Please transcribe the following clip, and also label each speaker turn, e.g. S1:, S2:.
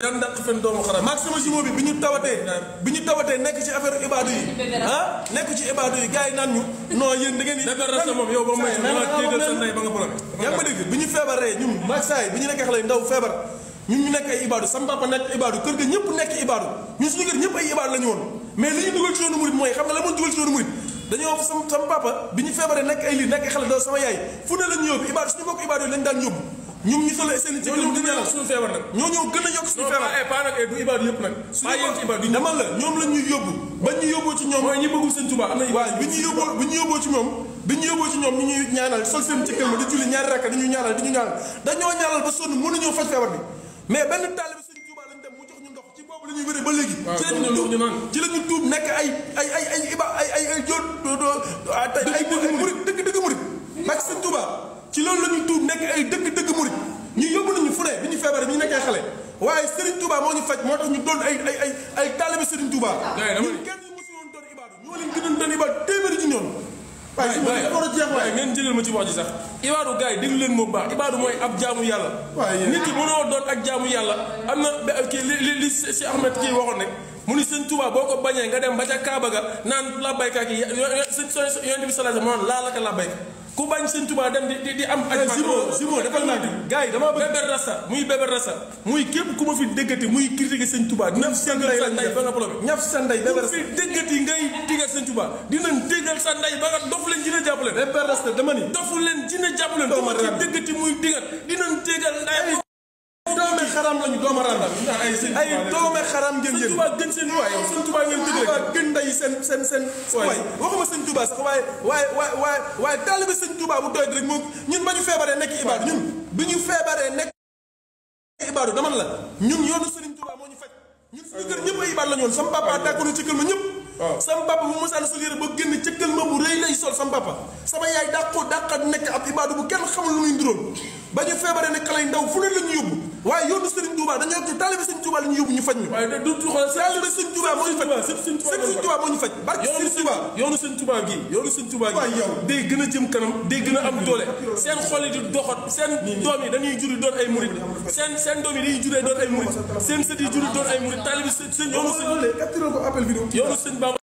S1: daan sama jumo bi bi ñu tawatee bi ñu tawatee nekk ci affaire ibaadu yi ah, nekk ci ibaadu yi nga ma dégg bi ñu feebaree ñun maag saay bi ñu nekkee xale ndaw feebar ñun ñu nekk ay ibaadu sama papa nekk ibaadu kër ga ñëpp nekk ibaadu ñun suñu kër ñëpp ay ibaadu la ñu woon mais li ñu dugal ci yoonu murit mooy xam nga la mu dugal ci yoonu murit dañoo sama sama papa bi ñu feebaree nekk ay lii nekk xale doo sama yaay fu ne la yóbbu ibaadu suñu bokk ibaadu yi lañ ñoom ñu solo seen ci ñoom gën a yokk suñu feebar nag ñoo ñoo gën a yokk suñu feebar pa nag du ibaadu yëpp ñu yóbbu ba ñu yóbboo ci ñoom mooy ñi bëggul seen tubaab am na waaw bi ñu yóbboo bi ñu yóbboo ci ñu yóbboo ci ñoom ñu ñuy ñaanal sol seen ci kër ma di julli ñaari rakka dañuy ñaanal di ñu ñaanal dañoo ñaanal ba sonn mënuñoo faj feebar bi mais benn taalibe seen tubaab lañ dem mu jox ñu ndox ci boobu la ñuy wéree ba léegi ci la ñu ay ay ay ay ay ay ay jóot feebaree bi ñu feebaree bi ñu nekkee xale waaye Serigne Touba moo ñu faj moo tax ñu doon ay ay ay ay taalibe Serigne Touba. Ah. ñun kenn ñu mosul woon doon ibaadu ñoo leen gënoon doon ibaadu téeméeri ji a jeex leen moom baax ibaadu mooy ab jaamu yàlla nit ki mënoo doon ak jaamu yàlla am na kii li li li si Ahmed kii waxoon rek mu ni sëñ Tuubaa boo ko bañee nga dem ba ca Kaaba ga naan labbayka ki yonent bi sallallahu alayhi laa sallam laa laka labbayka ku bañ sëñ Tuubaa dem di di am. ak Zimo Zimo defal naa di gars yi dama bëgg. Rasta muy Bébé Rasta muy képp ku ma fi déggati muy critiqué sëñ Tuubaa. ñaf sa ndey la ndey ba nga problème ñaf sa ndey Bébé Rasta dama ni. dofu leen dina jàppale. doomu ku ma fi déggati muy digal dinañ déggal ndey xaram lañu doomu xaram ay doomu xaram ngeen yéen Tuubaa seen waay seen Tuubaa ngeen dëgg seen seen seen waay waxuma seen Tuubaa sax waaye waaye waaye waaye waaye taalibe seen Tuubaa bu doy rek moom ñun ba ñu feebaree nekk ibaadu ñun bi ñu feebaree nekk ibaadu dama la ñun yoonu Sëriñ Tuubaa moo ñu faj ñun suñu kër ñëpp ay ibaadu la ñoon sama papa dàkkoon ci kër ma ñëpp waaw sama papa bu mosaan sol yére ba génn cëkkal ma bu rëy lay sol sama papa sama yaay dàqoo dàqat nekk ab ibaadu bu kenn xamul lu muy nduróol ba ñu feebaree ne xale ndaw fu la ñu yóbbu waaye yoonu Serigne Touba dañoo ci taalibe Serigne Touba yóbbu ñu faj ñu. waaye du du xool taalibe Serigne Touba ñu faj. Serigne Touba moo ñu faj barke Serigne Touba. yoonu Serigne Touba gi yoonu Serigne Touba gi yow day gën a jëm kanam day gën a am doole seen xol yi di doxat seen doom yi dañuy juri doon ay murit seen seen doom yi dañuy doon ay murit seen sët yi juri doon ay murit taalibe Serigne yoonu Serigne